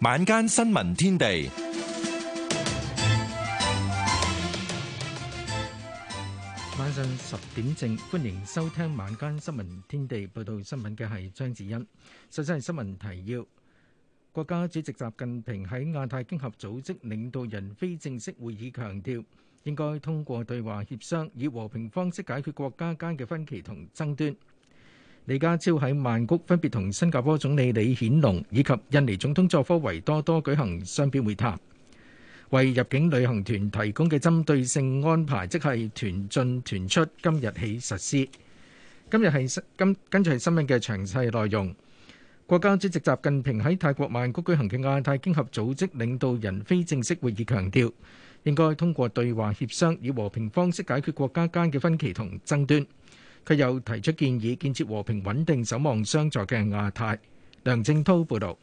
晚間新聞天地，晚上十點正，歡迎收聽晚間新聞天地。報道新聞嘅係張子欣。首先係新聞提要：國家主席習近平喺亞太經合組織領導人非正式會議強調，應該通過對話協商，以和平方式解決國家間嘅分歧同爭端。李家超喺曼谷分別同新加坡總理李顯龍以及印尼總統佐科維多多舉行雙邊會談。為入境旅行團提供嘅針對性安排，即係團進團出，今日起實施。今日係新今，跟住係新聞嘅詳細內容。國家主席習近平喺泰國曼谷舉行嘅亞太經合組織領導人非正式會議強調，應該通過對話協商，以和平方式解決國家間嘅分歧同爭端。佢又提出建議，建設和平穩定、守望相助嘅亞太。梁正濤報道。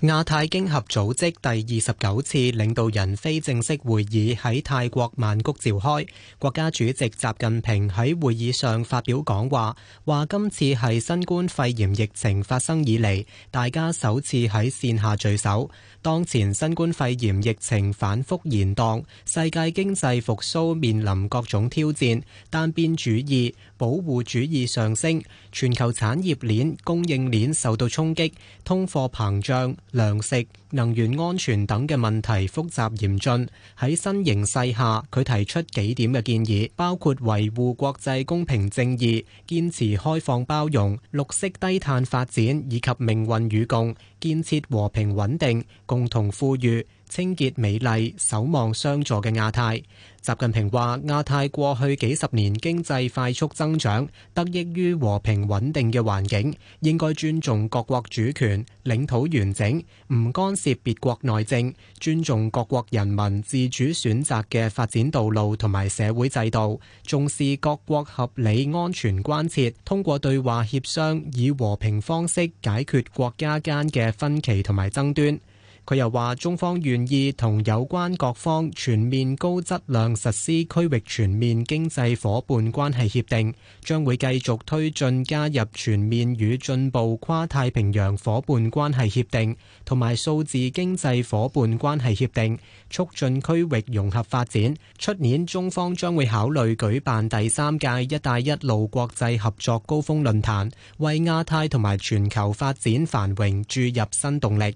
亞太經合組織第二十九次領導人非正式會議喺泰國曼谷召開。國家主席習近平喺會議上發表講話，話今次係新冠肺炎疫情發生以嚟，大家首次喺線下聚首。當前新冠肺炎疫情反覆延宕，世界經濟復甦面臨各種挑戰，單邊主義。保護主義上升，全球產業鏈、供應鏈受到衝擊，通貨膨脹、糧食、能源安全等嘅問題複雜嚴峻。喺新形勢下，佢提出幾點嘅建議，包括維護國際公平正義、堅持開放包容、綠色低碳發展以及命運與共。建設和平、穩定、共同富裕、清潔美麗、守望相助嘅亞太。習近平話：亞太過去幾十年經濟快速增長，得益於和平穩定嘅環境，應該尊重各國主權、領土完整，唔干涉別國內政，尊重各國人民自主選擇嘅發展道路同埋社會制度，重視各國合理安全關切，通過對話協商，以和平方式解決國家間嘅。分歧同埋爭端。佢又話：中方願意同有關各方全面高質量實施區域全面經濟伙伴關係協定，將會繼續推進加入全面與進步跨太平洋伙伴關係協定同埋數字經濟伙伴關係協定，促進區域融合發展。出年中方將會考慮舉辦第三屆「一帶一路」國際合作高峰論壇，為亞太同埋全球發展繁榮注入新動力。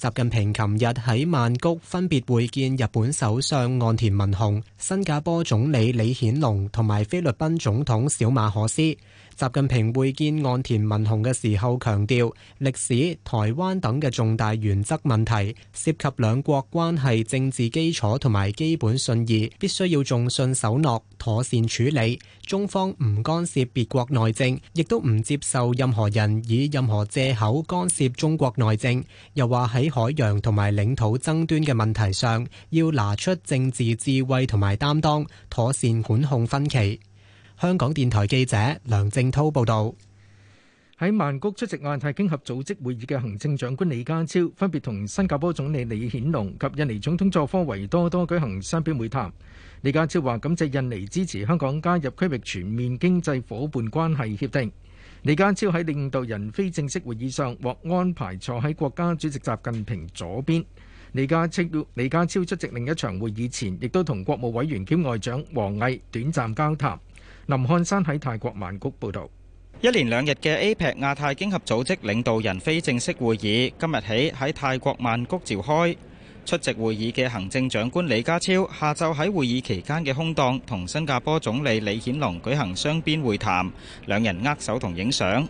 習近平琴日喺曼谷分別會見日本首相岸田文雄、新加坡總理李顯龍同埋菲律賓總統小馬可斯。習近平會見岸田文雄嘅時候強調，歷史、台灣等嘅重大原則問題涉及兩國關係政治基礎同埋基本信義，必須要重信守諾，妥善處理。中方唔干涉別國內政，亦都唔接受任何人以任何借口干涉中國內政。又話喺海洋同埋領土爭端嘅問題上，要拿出政治智慧同埋擔當，妥善管控分歧。香港電台記者梁正濤報道，喺曼谷出席亞太經合組織會議嘅行政長官李家超，分別同新加坡總理李顯龍及印尼總統佐科維多多舉行雙邊會談。李家超話感謝印尼支持香港加入區域全面經濟夥伴關係協定。李家超喺領導人非正式會議上獲安排坐喺國家主席習近平左邊。李家超李家超出席另一場會議前，亦都同國務委員兼外長王毅短暫交談。林漢山喺泰國曼谷報道，一連兩日嘅 APEC 亞太經合組織領導人非正式會議今日起喺泰國曼谷召開。出席會議嘅行政長官李家超下晝喺會議期間嘅空檔，同新加坡總理李顯龍舉行雙邊會談，兩人握手同影相。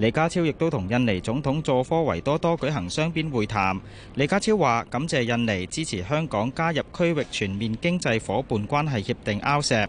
李家超亦都同印尼總統佐科維多多舉行雙邊會談。李家超話：感謝印尼支持香港加入區域全面經濟夥伴關係協定 （RCEP）。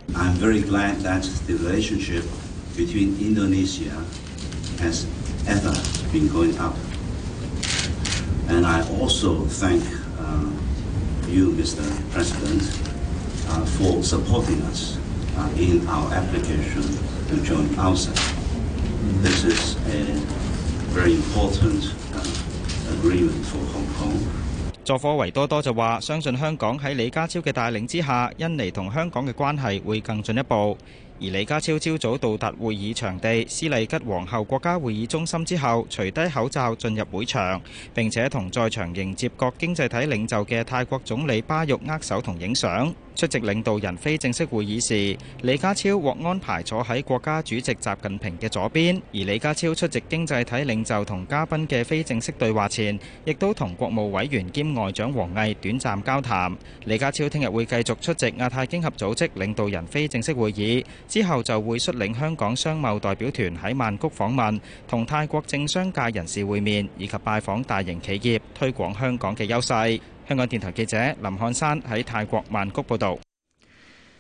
佐科維多多就話：相信香港喺李家超嘅帶領之下，印尼同香港嘅關係會更進一步。而李家超朝早到達會議場地——斯利吉皇后國家會議中心之後，除低口罩進入會場，並且同在場迎接各經濟體領袖嘅泰國總理巴育握手同影相。出席領導人非正式會議時，李家超獲安排坐喺國家主席習近平嘅左邊。而李家超出席經濟體領袖同嘉賓嘅非正式對話前，亦都同國務委員兼外長王毅短暫交談，李家超聽日會繼續出席亞太經合組織領導人非正式會議。之後就會率領香港商貿代表團喺曼谷訪問，同泰國政商界人士會面，以及拜訪大型企業，推廣香港嘅優勢。香港電台記者林漢山喺泰國曼谷報導。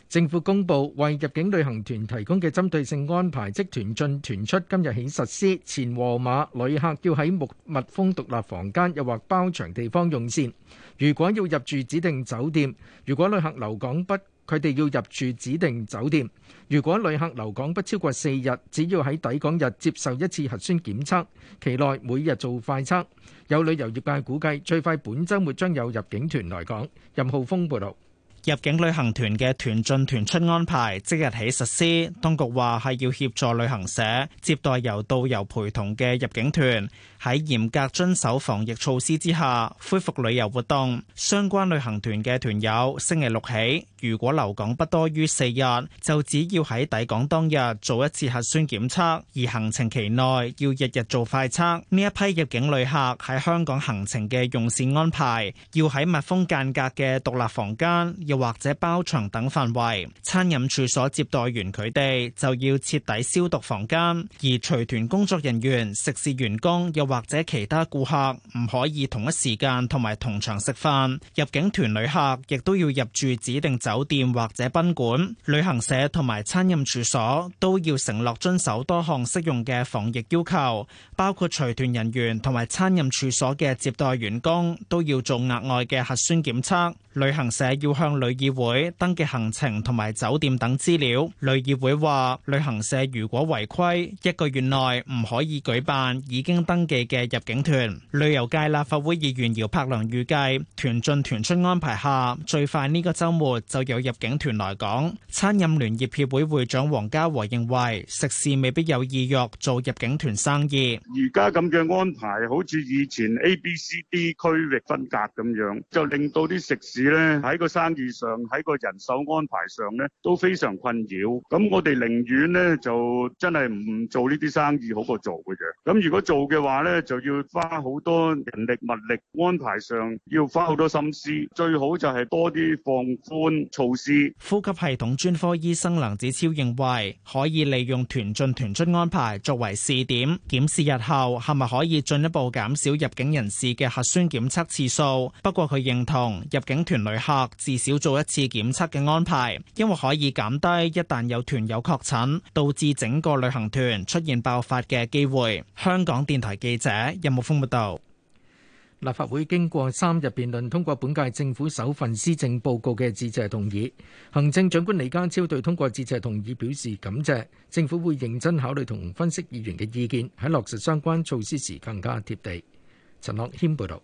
政府公布為入境旅行團提供嘅針對性安排，即團進團出今日起實施。前和馬旅客要喺木密封獨立房間，又或包場地方用膳。如果要入住指定酒店，如果旅客留港不佢哋要入住指定酒店。如果旅客留港不超過四日，只要喺抵港日接受一次核酸檢測，期內每日做快測。有旅遊業界估計，最快本週末將有入境團來港。任浩峰報導，入境旅行團嘅團進團出安排即日起實施。當局話係要協助旅行社接待由導遊陪同嘅入境團喺嚴格遵守防疫措施之下，恢復旅遊活動。相關旅行團嘅團友星期六起。如果留港不多於四日，就只要喺抵港當日做一次核酸檢測，而行程期內要日日做快測。呢一批入境旅客喺香港行程嘅用膳安排，要喺密封間隔嘅獨立房間又或者包場等範圍餐飲處所接待，完佢哋就要徹底消毒房間，而隨團工作人員、食肆員工又或者其他顧客唔可以同一時間同埋同場食飯。入境團旅客亦都要入住指定酒店或者賓館、旅行社同埋餐飲處所都要承諾遵守多項適用嘅防疫要求，包括隨團人員同埋餐飲處所嘅接待員工都要做額外嘅核酸檢測。旅行社要向旅議會登記行程同埋酒店等資料。旅議會話旅行社如果違規，一個月內唔可以舉辦已經登記嘅入境團。旅遊界立法會議員姚柏良預計，團進團出安排下，最快呢個周末就有入境團來港。餐飲聯業協會會長黃家和認為，食肆未必有意欲做入境團生意。而家咁嘅安排，好似以前 A、B、C、D 區域分隔咁樣，就令到啲食肆。喺個生意上，喺個人手安排上呢都非常困擾。咁我哋寧願呢就真係唔做呢啲生意好過做嘅啫。咁如果做嘅話呢，就要花好多人力物力安排上，要花好多心思。最好就係多啲放寬措施。呼吸系統專科醫生梁子超認為，可以利用團進團出安排作為試點，檢視日後係咪可以進一步減少入境人士嘅核酸檢測次數。不過佢認同入境。團旅客至少做一次檢測嘅安排，因為可以減低一旦有團友確診，導致整個旅行團出現爆發嘅機會。香港電台記者任木峰報道。立法會經過三日辯論，通過本屆政府首份施政報告嘅致謝同意。行政長官李家超對通過致謝同意表示感謝，政府會認真考慮同分析議員嘅意見，喺落實相關措施時更加貼地。陳樂謙報道。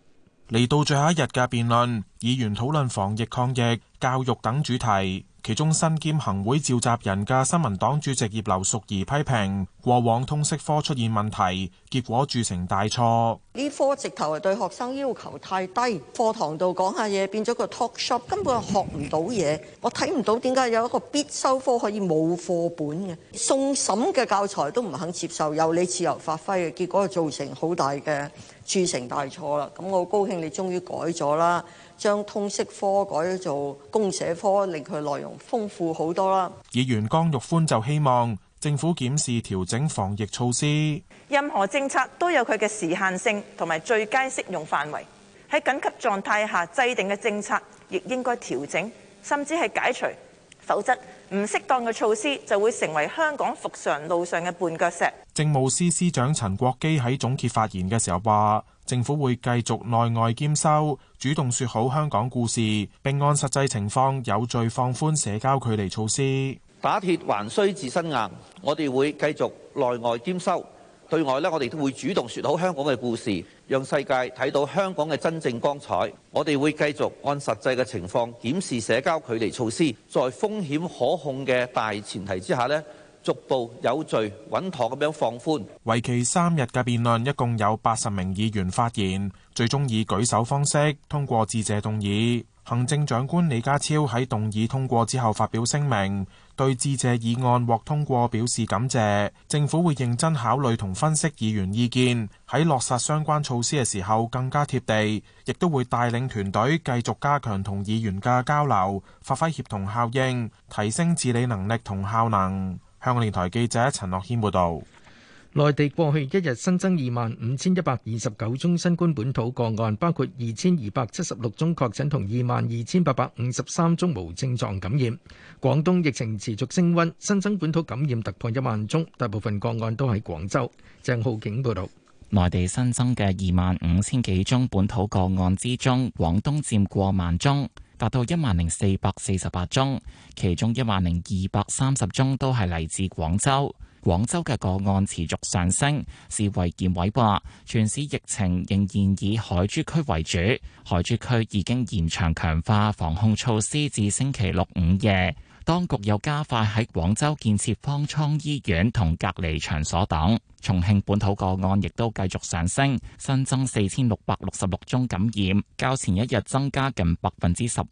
嚟到最後一日嘅辯論，議員討論防疫抗疫、教育等主題。其中身兼行會召集人嘅新民黨主席葉劉淑儀批評，過往通識科出現問題，結果鑄成大錯。呢科直頭對學生要求太低，課堂度講下嘢，變咗個 talk shop，根本學唔到嘢。我睇唔到點解有一個必修科可以冇課本嘅，送審嘅教材都唔肯接受，由你自由發揮嘅，結果造成好大嘅。鑄成大錯啦！咁我好高興，你終於改咗啦，將通識科改咗做公社科，令佢內容豐富好多啦。議員江玉歡就希望政府檢視調整防疫措施。任何政策都有佢嘅時限性同埋最佳適用範圍。喺緊急狀態下制定嘅政策，亦應該調整，甚至係解除，否則，唔適當嘅措施就會成為香港復常路上嘅絆腳石。政務司司長陳國基喺總結發言嘅時候話，政府會繼續內外兼修，主動説好香港故事，並按實際情況有序放寬社交距離措施。打鐵還需自身硬，我哋會繼續內外兼修。對外呢，我哋都會主動説好香港嘅故事，讓世界睇到香港嘅真正光彩。我哋會繼續按實際嘅情況檢視社交距離措施，在風險可控嘅大前提之下呢，逐步有序穩妥咁樣放寬。為期三日嘅辯論，一共有八十名議員發言，最終以舉手方式通過致謝動議。行政長官李家超喺動議通過之後發表聲明，對致謝議案獲通過表示感謝。政府會認真考慮同分析議員意見，喺落實相關措施嘅時候更加貼地，亦都會帶領團隊繼續加強同議員嘅交流，發揮協同效應，提升治理能力同效能。香港電台記者陳樂謙報道。內地過去一日新增二萬五千一百二十九宗新冠本土個案，包括二千二百七十六宗確診同二萬二千八百五十三宗無症狀感染。廣東疫情持續升溫，新增本土感染突破一萬宗，大部分個案都喺廣州。鄭浩景報道，內地新增嘅二萬五千幾宗本土個案之中，廣東佔過萬宗，達到一萬零四百四十八宗，其中一萬零二百三十宗都係嚟自廣州。廣州嘅個案持續上升，市衛健委話，全市疫情仍然以海珠區為主，海珠區已經延長強化防控措施至星期六午夜，當局又加快喺廣州建設方艙醫院同隔離場所等。重慶本土個案亦都繼續上升，新增四千六百六十六宗感染，較前一日增加近百分之十五。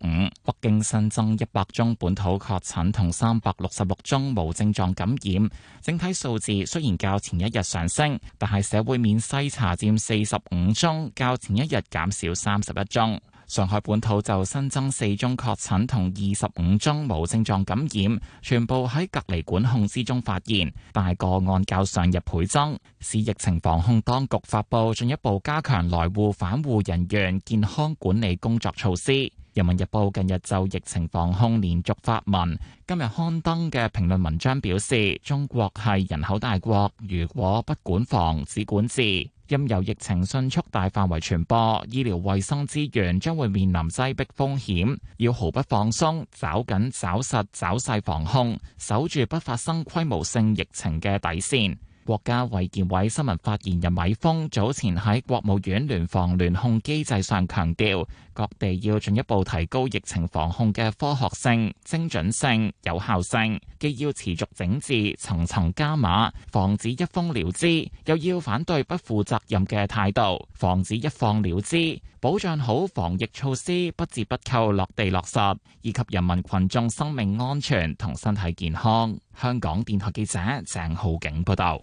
北京新增一百宗本土確診同三百六十六宗無症狀感染，整體數字雖然較前一日上升，但係社會面篩查佔四十五宗，較前一日減少三十一宗。上海本土就新增四宗確診同二十五宗無症狀感染，全部喺隔離管控之中發現，但係個案較上日倍增，使疫情防控當局發布進一步加強來滬返滬人員健康管理工作措施。人民日報近日就疫情防控連續發文，今日刊登嘅評論文章表示：中國係人口大國，如果不管防只管治。因任由疫情迅速大範圍傳播，醫療衛生資源將會面臨擠迫風險，要毫不放鬆，抓緊、抓實、抓細防控，守住不發生規模性疫情嘅底線。國家衛健委新聞發言人米鋒早前喺國務院聯防聯控機制上強調，各地要進一步提高疫情防控嘅科學性、精準性、有效性，既要持續整治層層加碼，防止一封了之，又要反對不負責任嘅態度，防止一放了之，保障好防疫措施不折不扣落地落實，以及人民群眾生命安全同身體健康。香港電台記者鄭浩景報道。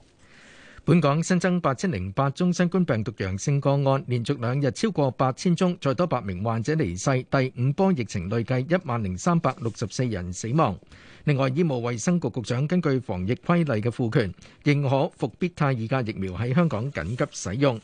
本港新增八千零八宗新冠病毒陽性個案，連續兩日超過八千宗，再多八名患者離世。第五波疫情累計一萬零三百六十四人死亡。另外，醫務衛生局局長根據防疫規例嘅賦權，認可復必泰二價疫苗喺香港緊急使用。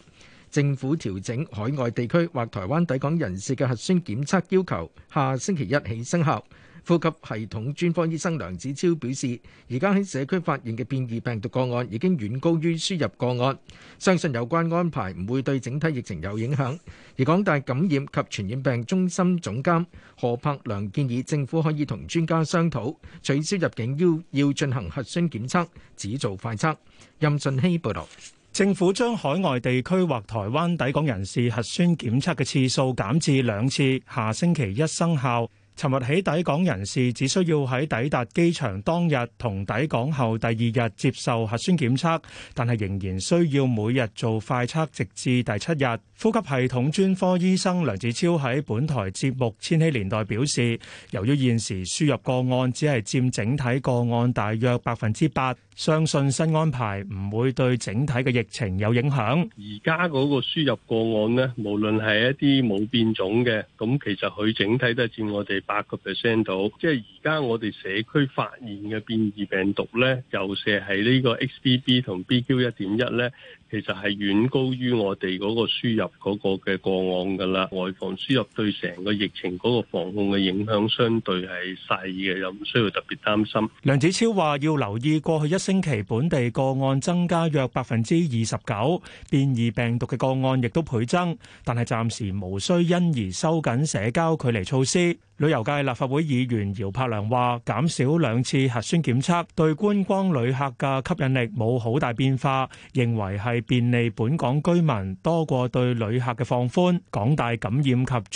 政府調整海外地區或台灣抵港人士嘅核酸檢測要求，下星期一起生效。呼吸系統專科醫生梁子超表示，而家喺社區發現嘅變異病毒個案已經遠高於輸入個案，相信有關安排唔會對整體疫情有影響。而港大感染及傳染病中心總監何柏良建議政府可以同專家商討取消入境要求進行核酸檢測，只做快測。任俊希報導，政府將海外地區或台灣抵港人士核酸檢測嘅次數減至兩次，下星期一生效。尋日起抵港人士只需要喺抵達機場當日同抵港後第二日接受核酸檢測，但係仍然需要每日做快測，直至第七日。呼吸系統專科醫生梁子超喺本台節目《千禧年代》表示，由於現時輸入個案只係佔整體個案大約百分之八。相信新安排唔會對整體嘅疫情有影響。而家嗰個輸入個案咧，無論係一啲冇變種嘅，咁其實佢整體都係佔我哋八個 percent 度。即係而家我哋社區發現嘅變異病毒咧，尤其是係呢個 XBB 同 BQ 一點一咧。其實係遠高於我哋嗰個輸入嗰個嘅個案㗎啦，外防輸入對成個疫情嗰個防控嘅影響相對係細嘅，又唔需要特別擔心。梁子超話：要留意過去一星期本地個案增加約百分之二十九，變異病毒嘅個案亦都倍增，但係暫時無需因而收緊社交距離措施。旅遊界立法會議員姚柏良話：減少兩次核酸檢測對觀光旅客嘅吸引力冇好大變化，認為係便利本港居民多過對旅客嘅放寬。港大感染及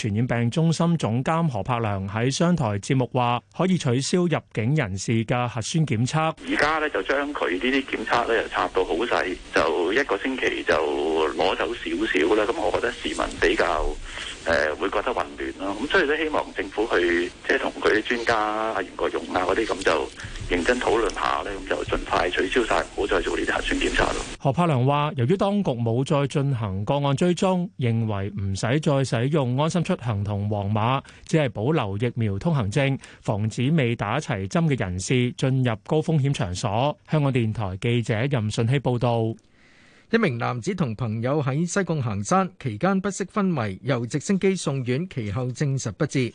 傳染病中心總監何柏良喺商台節目話：可以取消入境人士嘅核酸檢測，而家咧就將佢呢啲檢測咧又拆到好細，就一個星期就攞走少少啦。咁我覺得市民比較。誒會覺得混亂咯，咁所以都希望政府去即係同佢啲專家阿袁國勇啊嗰啲咁就認真討論下咧，咁就盡快取消曬，唔好再做呢啲核酸檢查咯。何柏良話：由於當局冇再進行個案追蹤，認為唔使再使用安心出行同黃碼，只係保留疫苗通行證，防止未打齊針嘅人士進入高風險場所。香港電台記者任順希報導。一名男子同朋友喺西貢行山期間不適昏迷，由直升機送院，其後證實不治。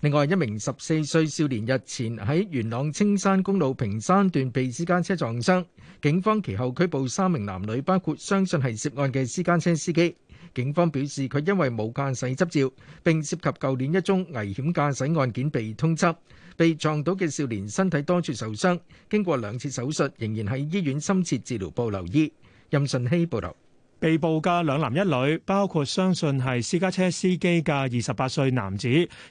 另外，一名十四歲少年日前喺元朗青山公路坪山段被私家車撞傷，警方其後拘捕三名男女，包括相信係涉案嘅私家車司機。警方表示，佢因為冇駕駛執照，並涉及舊年一宗危險駕駛案件，被通緝。被撞到嘅少年身體多處受傷，經過兩次手術，仍然喺醫院深切治療部留醫。任順熙報道，被捕嘅兩男一女，包括相信係私家車司機嘅二十八歲男子，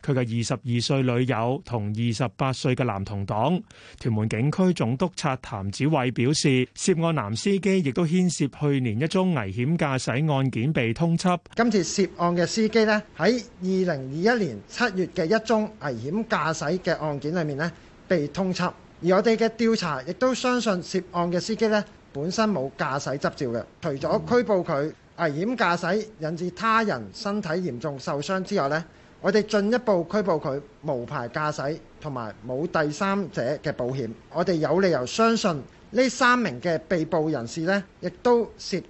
佢嘅二十二歲女友同二十八歲嘅男同黨。屯門警區總督察譚子偉表示，涉案男司機亦都牽涉去年一宗危險駕駛案件被通緝。今次涉案嘅司機呢，喺二零二一年七月嘅一宗危險駕駛嘅案件裏面呢被通緝，而我哋嘅調查亦都相信涉案嘅司機呢。本身冇駕駛執照嘅，除咗拘捕佢危險駕駛引致他人身體嚴重受傷之外咧，我哋進一步拘捕佢無牌駕駛同埋冇第三者嘅保險，我哋有理由相信呢三名嘅被捕人士咧，亦都涉及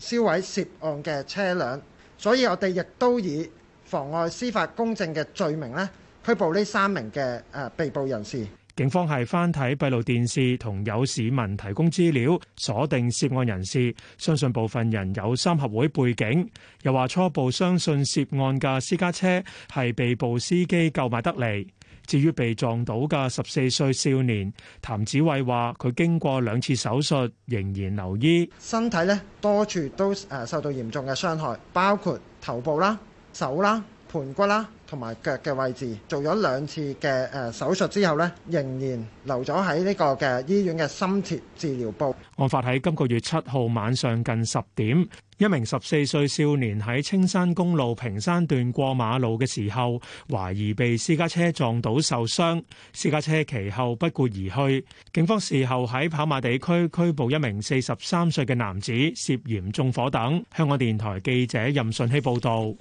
銷毀涉案嘅車輛，所以我哋亦都以妨礙司法公正嘅罪名咧拘捕呢三名嘅誒、呃、被捕人士。警方係翻睇閉路電視同有市民提供資料鎖定涉案人士，相信部分人有三合會背景。又話初步相信涉案嘅私家車係被捕司機購買得嚟。至於被撞到嘅十四歲少年譚子偉話，佢經過兩次手術仍然留醫，身體咧多處都誒受到嚴重嘅傷害，包括頭部啦、手啦、盆骨啦。同埋腳嘅位置做咗兩次嘅誒手術之後呢，仍然留咗喺呢個嘅醫院嘅深切治療部。案發喺今個月七號晚上近十點，一名十四歲少年喺青山公路屏山段過馬路嘅時候，懷疑被私家車撞倒受傷，私家車其後不顧而去。警方事後喺跑馬地區拘捕一名四十三歲嘅男子，涉嫌縱火等。香港電台記者任信希報導。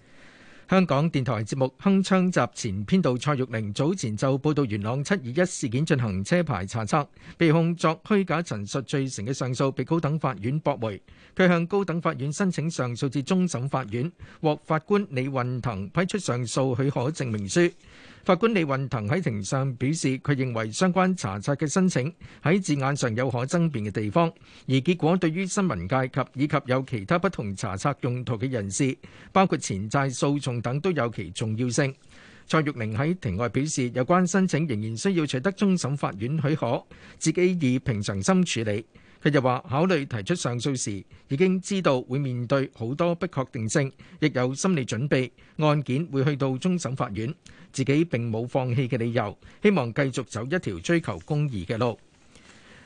香港電台節目《鏗鏘集》前編導蔡玉玲早前就報道元朗七二一事件進行車牌查冊，被控作虛假陳述罪成嘅上訴被高等法院駁回。佢向高等法院申請上訴至終審法院，獲法官李運騰批出上訴許可證明書。法官李運騰喺庭上表示，佢認為相關查冊嘅申請喺字眼上有可爭辯嘅地方，而結果對於新聞界及以及有其他不同查冊用途嘅人士，包括前債訴訟等都有其重要性。蔡玉玲喺庭外表示，有關申請仍然需要取得終審法院許可，自己以平常心處理。佢又話：考慮提出上訴時，已經知道會面對好多不確定性，亦有心理準備。案件會去到終審法院，自己並冇放棄嘅理由，希望繼續走一條追求公義嘅路。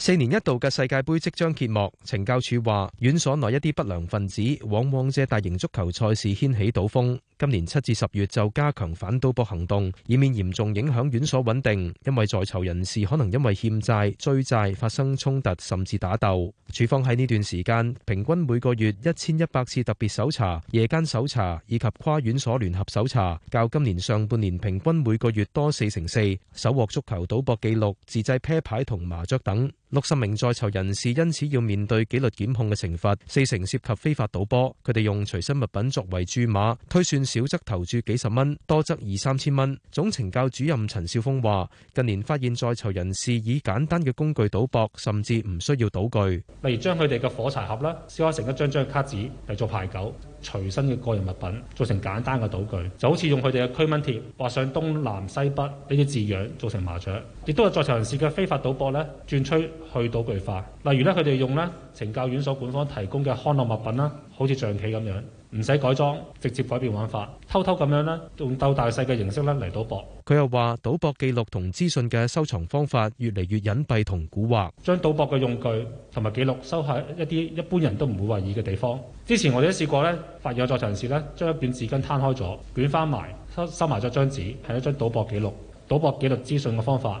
四年一度嘅世界杯即將揭幕，懲教署話院所內一啲不良分子往往借大型足球賽事掀起賭風。今年七至十月就加強反賭博行動，以免嚴重影響院所穩定。因為在囚人士可能因為欠債、追債發生衝突甚至打鬥。署方喺呢段時間平均每個月一千一百次特別搜查、夜間搜查以及跨院所聯合搜查，較今年上半年平均每個月多四成四。搜獲足球賭博記錄、自製啤牌同麻雀等。六十名在囚人士因此要面對紀律檢控嘅懲罰，四成涉及非法賭波。佢哋用隨身物品作為注碼推算。少則投注幾十蚊，多則二三千蚊。總懲教主任陳少峰話：近年發現在囚人士以簡單嘅工具賭博，甚至唔需要賭具，例如將佢哋嘅火柴盒啦，燒開成一張一張卡紙嚟做牌九，隨身嘅個人物品做成簡單嘅賭具，就好似用佢哋嘅驅蚊貼畫上東南西北呢啲字樣做成麻雀。亦都有在囚人士嘅非法賭博咧，轉趨去賭具化，例如咧佢哋用咧懲教院所管方提供嘅康樂物品啦，好似象棋咁樣。唔使改裝，直接改變玩法，偷偷咁樣咧，用鬥大細嘅形式咧嚟賭博。佢又話：賭博記錄同資訊嘅收藏方法越嚟越隱蔽同蠱惑，將賭博嘅用具同埋記錄收喺一啲一般人都唔會懷疑嘅地方。之前我哋都試過咧，發現有在場人士咧，將一卷紙巾攤開咗，捲翻埋，收收埋咗張紙，係一張賭博記錄、賭博記錄資訊嘅方法。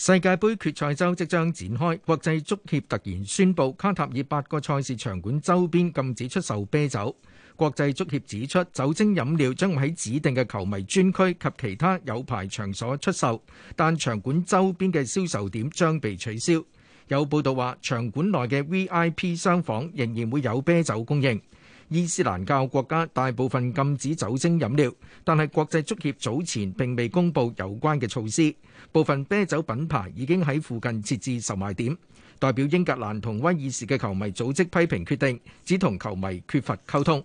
世界盃決賽周即將展開，國際足協突然宣布卡塔爾八個賽事場館周邊禁止出售啤酒。國際足協指出，酒精飲料將會喺指定嘅球迷專區及其他有牌場所出售，但場館周邊嘅銷售點將被取消。有報道話，場館內嘅 VIP 廂房仍然會有啤酒供應。伊斯蘭教國家大部分禁止酒精飲料，但係國際足協早前並未公布有關嘅措施。部分啤酒品牌已經喺附近設置售賣點。代表英格蘭同威爾士嘅球迷組織批評決定，只同球迷缺乏溝通。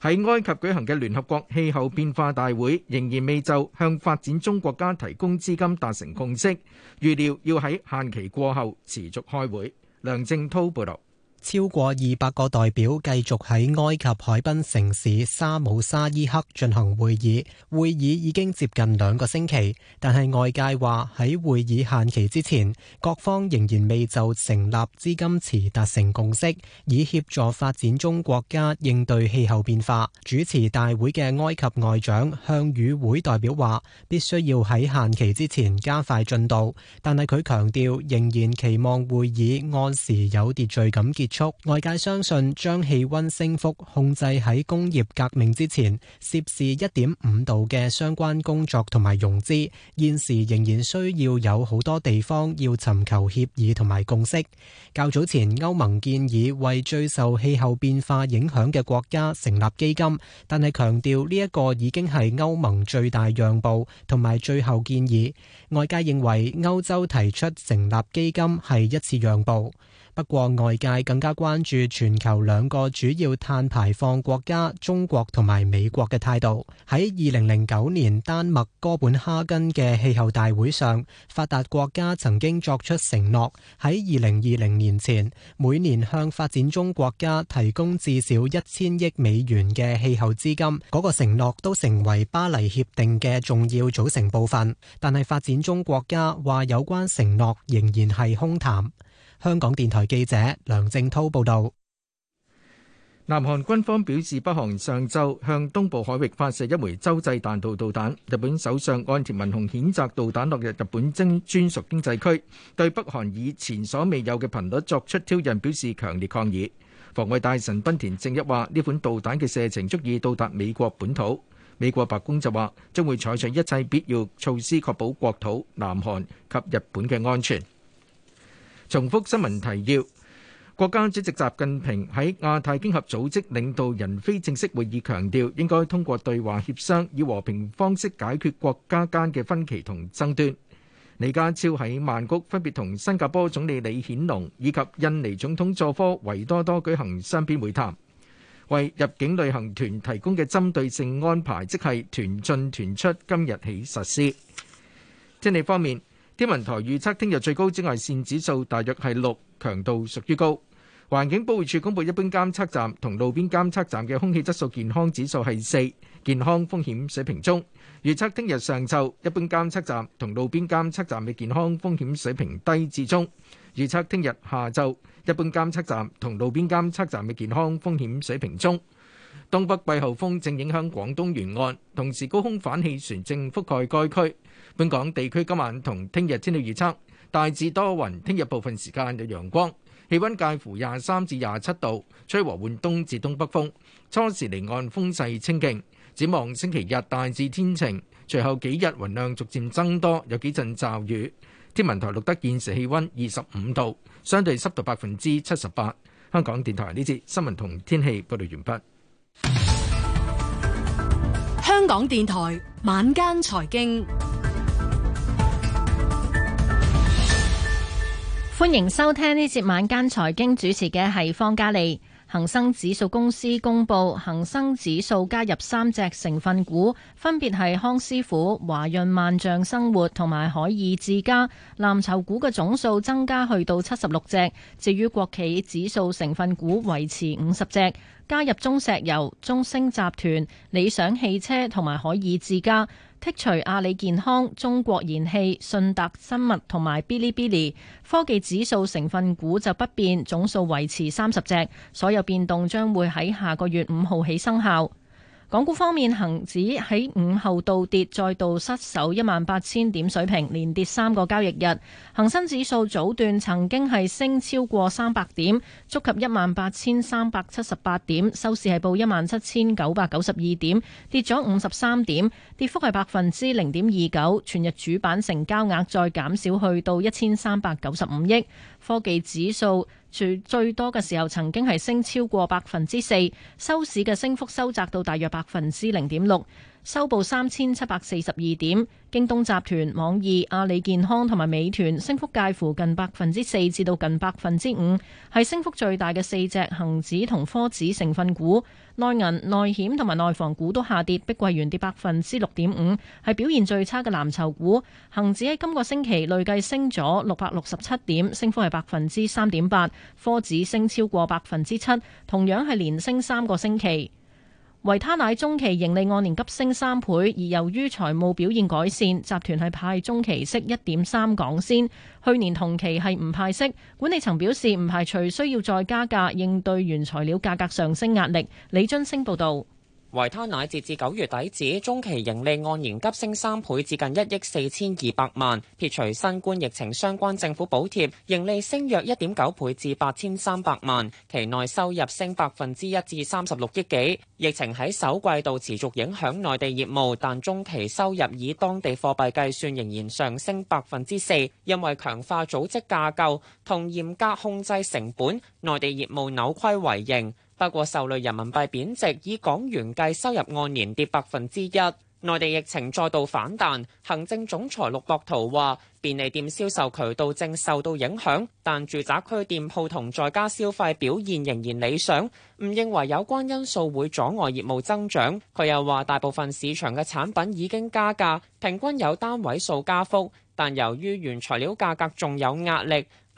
喺埃及舉行嘅聯合國氣候變化大會仍然未就向發展中國家提供資金達成共識，預料要喺限期過後持續開會。梁正滔報道。超過二百個代表繼續喺埃及海濱城市沙姆沙伊克進行會議，會議已經接近兩個星期，但係外界話喺會議限期之前，各方仍然未就成立資金池達成共識，以協助發展中國家應對氣候變化。主持大會嘅埃及外長向與會代表話，必須要喺限期之前加快進度，但係佢強調仍然期望會議按時有秩序咁結束。外界相信將氣温升幅控制喺工業革命之前，攝氏一點五度嘅相關工作同埋融資，現時仍然需要有好多地方要尋求協議同埋共識。較早前歐盟建議為最受氣候變化影響嘅國家成立基金，但係強調呢一個已經係歐盟最大讓步同埋最後建議。外界認為歐洲提出成立基金係一次讓步。不過外界更加關注全球兩個主要碳排放國家中國同埋美國嘅態度。喺二零零九年丹麥哥本哈根嘅氣候大會上，發達國家曾經作出承諾，喺二零二零年前每年向發展中國家提供至少一千億美元嘅氣候資金。嗰個承諾都成為巴黎協定嘅重要組成部分。但係發展中國家話有關承諾仍然係空談。香港電台記者梁正濤報道，南韓軍方表示，北韓上晝向東部海域發射一枚洲際彈道導彈。日本首相岸田文雄譴責導彈落入日本嘅專屬經濟區，對北韓以前所未有嘅頻率作出挑釁表示強烈抗議。防衛大臣濱田正一話：呢款導彈嘅射程足以到達美國本土。美國白宮就話將會採取一切必要措施，確保國土、南韓及日本嘅安全。重複新聞提要。國家主席習近平喺亞太經合組織領導人非正式會議強調，應該通過對話協商，以和平方式解決國家間嘅分歧同爭端。李家超喺曼谷分別同新加坡總理李顯龍以及印尼總統佐科維多多舉行雙邊會談。為入境旅行團提供嘅針對性安排，即係團進團出，今日起實施。天氣方面，天文台預測，聽日最高紫外線指數大約係六，強度屬於高。環境保護署公布，一般監測站同路邊監測站嘅空氣質素健康指數係四，健康風險水平中。預測聽日上晝，一般監測站同路邊監測站嘅健康風險水平低至中。預測聽日下晝，一般監測站同路邊監測站嘅健康風險水平中。東北季候風正影響廣東沿岸，同時高空反氣旋正覆蓋該區。本港地區今晚同聽日天氣預測，大致多雲，聽日部分時間有陽光，氣溫介乎廿三至廿七度，吹和緩東至東北風。初時離岸風勢清勁，展望星期日大致天晴，隨後幾日雲量逐漸增多，有幾陣驟雨。天文台錄得現時氣溫二十五度，相對濕度百分之七十八。香港電台呢節新聞同天氣報道完畢。香港電台晚間財經。歡迎收聽呢節晚間財經，主持嘅係方嘉利。恒生指數公司公布，恒生指數加入三隻成分股，分別係康師傅、華潤萬象生活同埋海爾智家。藍籌股嘅總數增加去到七十六隻，至於國企指數成分股維持五十隻，加入中石油、中升集團、理想汽車同埋海爾智家。剔除阿里健康、中國燃氣、信達生物同埋 Bilibili，科技指數成分股就不變，總數維持三十隻，所有變動將會喺下個月五號起生效。港股方面，恒指喺午後倒跌，再度失守一萬八千點水平，連跌三個交易日。恒生指數早段曾經係升超過三百點，觸及一萬八千三百七十八點，收市係報一萬七千九百九十二點，跌咗五十三點，跌幅係百分之零點二九。全日主板成交額再減少去到一千三百九十五億。科技指數。最多嘅時候，曾經係升超過百分之四，收市嘅升幅收窄到大約百分之零點六。收報三千七百四十二點，京東集團、網易、阿里健康同埋美團升幅介乎近百分之四至到近百分之五，係升幅最大嘅四隻恒指同科指成分股。內銀、內險同埋內房股都下跌，碧桂園跌百分之六點五，係表現最差嘅藍籌股。恒指喺今個星期累計升咗六百六十七點，升幅係百分之三點八，科指升超過百分之七，同樣係連升三個星期。維他奶中期盈利按年急升三倍，而由於財務表現改善，集團係派中期息一點三港仙，去年同期係唔派息。管理層表示唔排除需要再加價應對原材料價格上升壓力。李津升報道。維他奶截至九月底止，中期盈利按年急升三倍至近一億四千二百萬，撇除新冠疫情相關政府補貼，盈利升約一點九倍至八千三百萬，期內收入升百分之一至三十六億幾。疫情喺首季度持續影響內地業務，但中期收入以當地貨幣計算仍然上升百分之四，因為強化組織架，架構同嚴格控制成本，內地業務扭虧為盈。不過受累人民幣貶值，以港元計收入按年跌百分之一。內地疫情再度反彈，行政總裁陸博圖話：便利店銷售渠道正受到影響，但住宅區店鋪同在家消費表現仍然理想，唔認為有關因素會阻礙業務增長。佢又話：大部分市場嘅產品已經加價，平均有單位數加幅，但由於原材料價格仲有壓力。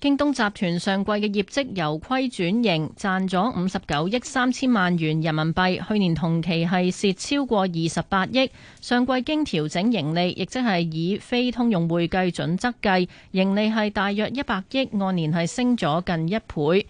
京東集團上季嘅業績由虧轉盈，賺咗五十九億三千萬元人民幣，去年同期係蝕超過二十八億。上季經調整盈利，亦即係以非通用會計準則計，盈利係大約一百億，按年係升咗近一倍。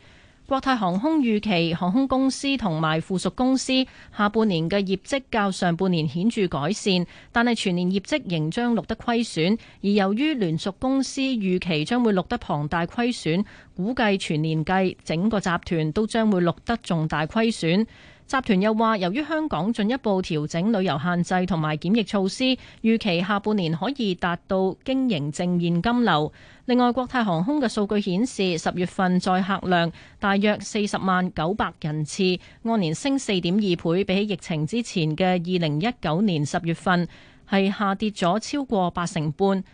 國泰航空預期航空公司同埋附屬公司下半年嘅業績較上半年顯著改善，但係全年業績仍將錄得虧損。而由於聯屬公司預期將會錄得龐大虧損，估計全年計整個集團都將會錄得重大虧損。集團又話，由於香港進一步調整旅遊限制同埋檢疫措施，預期下半年可以達到經營正現金流。另外，國泰航空嘅數據顯示，十月份載客量大約四十萬九百人次，按年升四點二倍，比起疫情之前嘅二零一九年十月份，係下跌咗超過八成半。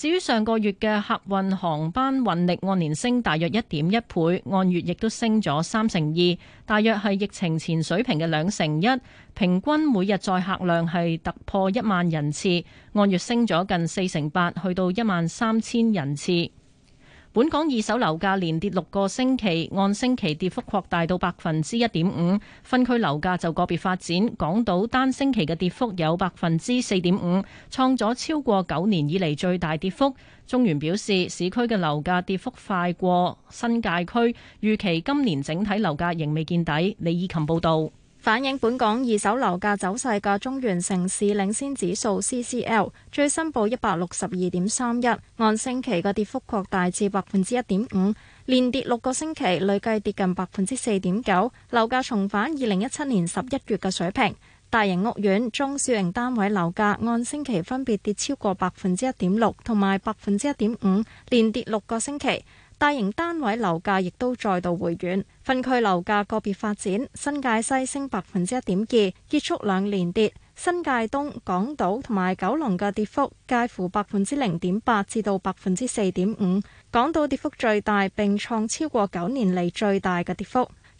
至於上個月嘅客運航班運力，按年升大約一點一倍，按月亦都升咗三成二，大約係疫情前水平嘅兩成一。平均每日載客量係突破一萬人次，按月升咗近四成八，去到一萬三千人次。本港二手樓價連跌六個星期，按星期跌幅擴大到百分之一點五，分區樓價就個別發展，港島單星期嘅跌幅有百分之四點五，創咗超過九年以嚟最大跌幅。中原表示，市區嘅樓價跌幅快過新界區，預期今年整體樓價仍未見底。李以琴報導。反映本港二手樓價走勢嘅中原城市領先指數 （CCL） 最新報一百六十二點三一，按星期嘅跌幅擴大至百分之一點五，連跌六個星期，累計跌近百分之四點九，樓價重返二零一七年十一月嘅水平。大型屋苑、中小型單位樓價按星期分別跌超過百分之一點六同埋百分之一點五，連跌六個星期。大型單位樓價亦都再度回軟。分區樓價個別發展，新界西升百分之一點二，結束兩年跌；新界東、港島同埋九龍嘅跌幅介乎百分之零點八至到百分之四點五，港島跌幅最大，並創超過九年嚟最大嘅跌幅。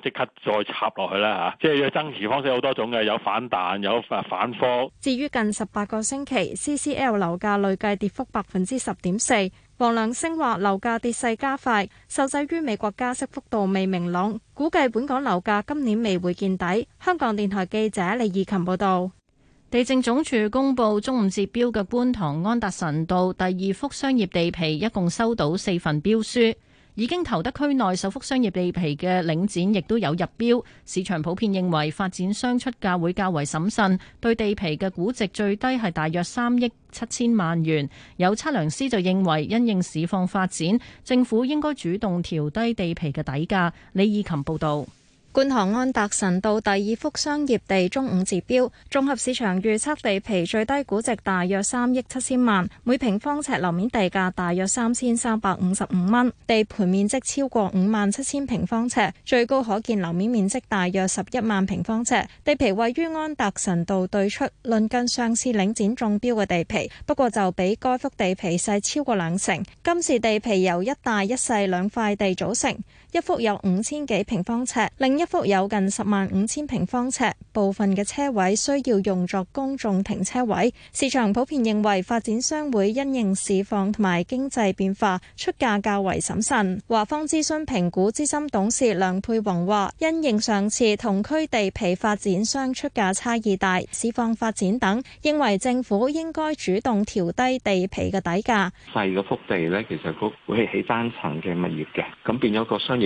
即刻再插落去啦嚇，即係增持方式好多種嘅，有反彈，有反方。至於近十八個星期，CCL 樓價累計跌幅百分之十點四。黃良昇話樓價跌勢加快，受制於美國加息幅度未明朗，估計本港樓價今年未會見底。香港電台記者李義琴報道，地政總署公布中午截標嘅觀塘安達臣道第二幅商業地皮，一共收到四份標書。已經投得區內首幅商業地皮嘅領展，亦都有入標。市場普遍認為發展商出價會較為審慎，對地皮嘅估值最低係大約三億七千萬元。有測量師就認為，因應市況發展，政府應該主動調低地皮嘅底價。李以琴報導。觀塘安達臣道第二幅商業地中午截標，綜合市場預測地皮最低估值大約三億七千萬，每平方尺樓面地價大約三千三百五十五蚊，地盤面積超過五萬七千平方尺，最高可見樓面面積大約十一萬平方尺。地皮位於安達臣道對出，鄰近上次領展中標嘅地皮，不過就比該幅地皮細超過兩成。今次地皮由一大一細兩塊地組成。一幅有五千幾平方尺，另一幅有近十萬五千平方尺，部分嘅車位需要用作公眾停車位。市場普遍認為發展商會因應市況同埋經濟變化，出價較為審慎。華方諮詢評估資深董事梁佩宏話，因應上次同區地皮發展商出價差異大、市況發展等，認為政府應該主動調低地皮嘅底價。細個幅地咧，其實佢會係起單層嘅物業嘅，咁變咗個商業。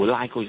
會拉高少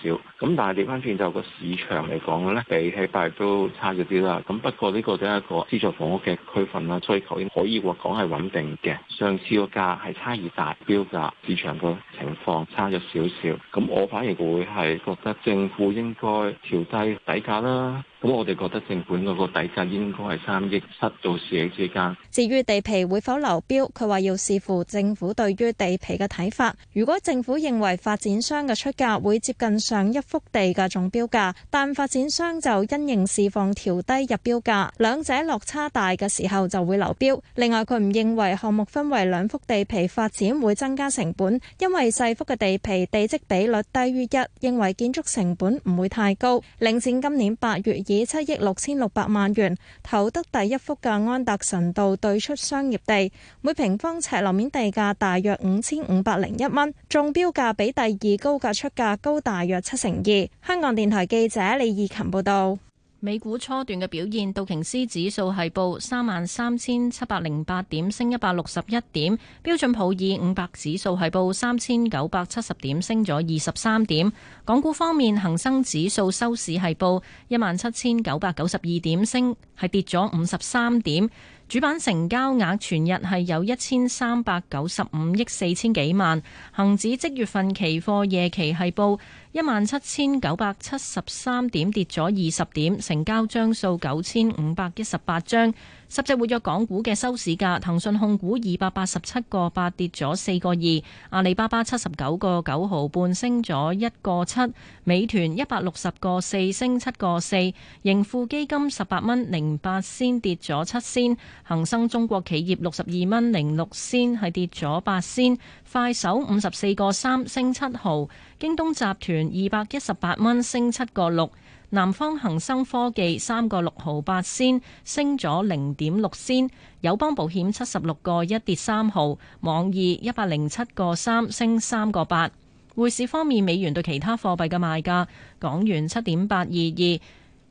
少，咁但係調翻轉就個市場嚟講咧，比起大都差咗啲啦。咁不過呢個都係一個資助房屋嘅區份，啦、需求，可以話講係穩定嘅。上次個價係差異大，標價市場個情況差咗少少。咁我反而會係覺得政府應該調低底價啦。咁我哋覺得政府嗰個底價應該係三億七到四億之間。至於地皮會否流標，佢話要視乎政府對於地皮嘅睇法。如果政府認為發展商嘅出價會接近上一幅地嘅中標價，但發展商就因應市況調低入標價，兩者落差大嘅時候就會流標。另外佢唔認為項目分為兩幅地皮發展會增加成本，因為細幅嘅地皮地積比率低於一，認為建築成本唔會太高。領展今年八月以七億六千六百萬元投得第一幅嘅安達臣道對出商業地，每平方尺樓面地價大約五千五百零一蚊，中標價比第二高嘅出價高大約七成二。香港電台記者李義勤報道。美股初段嘅表現，道瓊斯指數係報三萬三千七百零八點，升一百六十一點；標準普爾五百指數係報三千九百七十點，升咗二十三點。港股方面，恆生指數收市係報一萬七千九百九十二點，升，係跌咗五十三點。主板成交額全日係有一千三百九十五億四千幾萬，恒指即月份期貨夜期係報，一萬七千九百七十三點跌咗二十點，成交張數九千五百一十八張。十隻活躍港股嘅收市價，騰訊控股二百八十七個八跌咗四個二，阿里巴巴七十九個九毫半升咗一個七，美團一百六十個四升七個四，盈富基金十八蚊零八仙跌咗七仙，恒生中國企業六十二蚊零六仙，係跌咗八仙，快手五十四個三升七毫，京東集團。二百一十八蚊升七個六，南方恒生科技三個六毫八仙，升咗零點六仙。友邦保險七十六個一跌三毫，網易一百零七個三升三個八。匯市方面，美元對其他貨幣嘅賣價，港元七點八二二。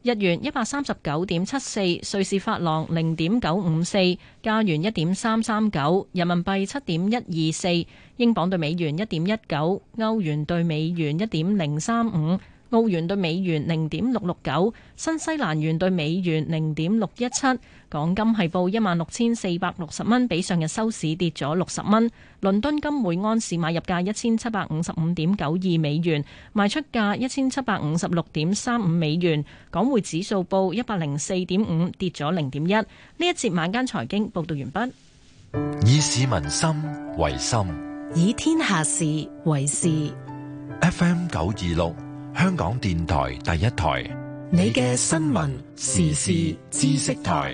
日元一百三十九點七四，瑞士法郎零點九五四，加元一點三三九，人民幣七點一二四，英鎊對美元一點一九，歐元對美元一點零三五，澳元對美元零點六六九，新西蘭元對美元零點六一七。港金係報一萬六千四百六十蚊，比上日收市跌咗六十蚊。倫敦金每安士買入價一千七百五十五點九二美元，賣出價一千七百五十六點三五美元。港匯指數報一百零四點五，跌咗零點一。呢一節晚間財經報道完畢。以市民心為心，以天下事為事。FM 九二六，香港電台第一台，你嘅新聞時事知識台。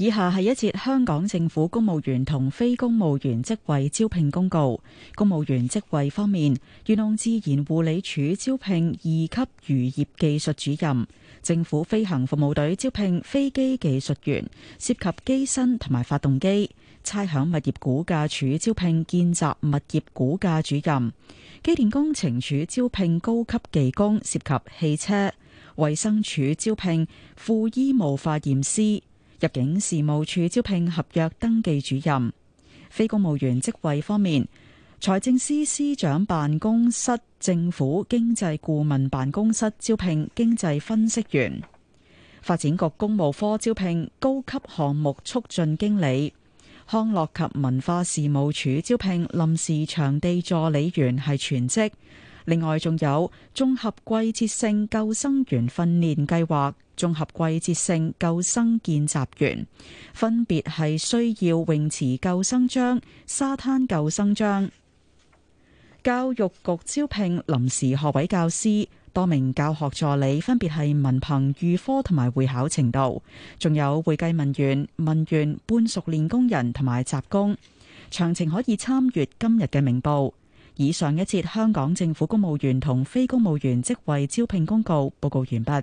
以下係一節香港政府公務員同非公務員職位招聘公告。公務員職位方面，漁農自然護理署招聘二級漁業技術主任；政府飛行服務隊招聘飛機技術員，涉及機身同埋發動機；差餉物業估價署招聘兼職物業估價主任；機電工程署招聘高級技工，涉及汽車；衛生署招聘副醫務化驗師。入境事務處招聘合約登記主任，非公務員職位方面，財政司司長辦公室、政府經濟顧問辦公室招聘經濟分析員，發展局公務科招聘高級項目促進經理，康樂及文化事務處招聘臨時場地助理員係全職。另外，仲有綜合季節性救生員訓練計劃。綜合季節性救生見習員，分別係需要泳池救生章、沙灘救生章。教育局招聘臨時學位教師多名教學助理，分別係文憑、預科同埋會考程度，仲有會計文員、文員、半熟練工人同埋雜工。詳情可以參閱今日嘅明報。以上一節香港政府公務員同非公務員職位招聘公告，報告完畢。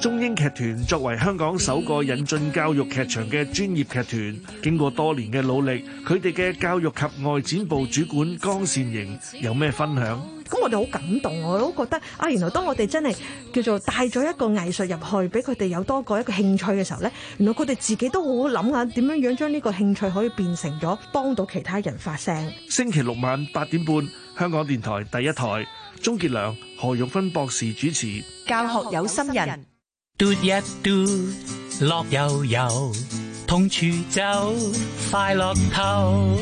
中英劇團作為香港首個引進教育劇場嘅專業劇團，經過多年嘅努力，佢哋嘅教育及外展部主管江善盈有咩分享？咁我哋好感動，我都覺得啊，原來當我哋真係叫做帶咗一個藝術入去，俾佢哋有多個一個興趣嘅時候呢，原來佢哋自己都好諗下點樣樣將呢個興趣可以變成咗幫到其他人發聲。星期六晚八點半，香港電台第一台，鍾傑良、何玉芬博士主持《教學有心人》。嘟一嘟，樂悠悠，通處走，快樂透。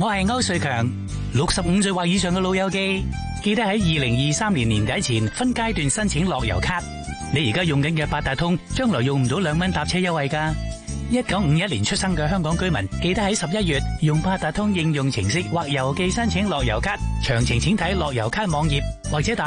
我係歐瑞強，六十五歲或以上嘅老友記，記得喺二零二三年年底前分階段申請樂悠卡。你而家用緊嘅八達通，將來用唔到兩蚊搭車優惠㗎。一九五一年出生嘅香港居民，記得喺十一月用八達通應用程式或郵寄申請樂悠卡。詳情請睇樂悠卡網頁或者打。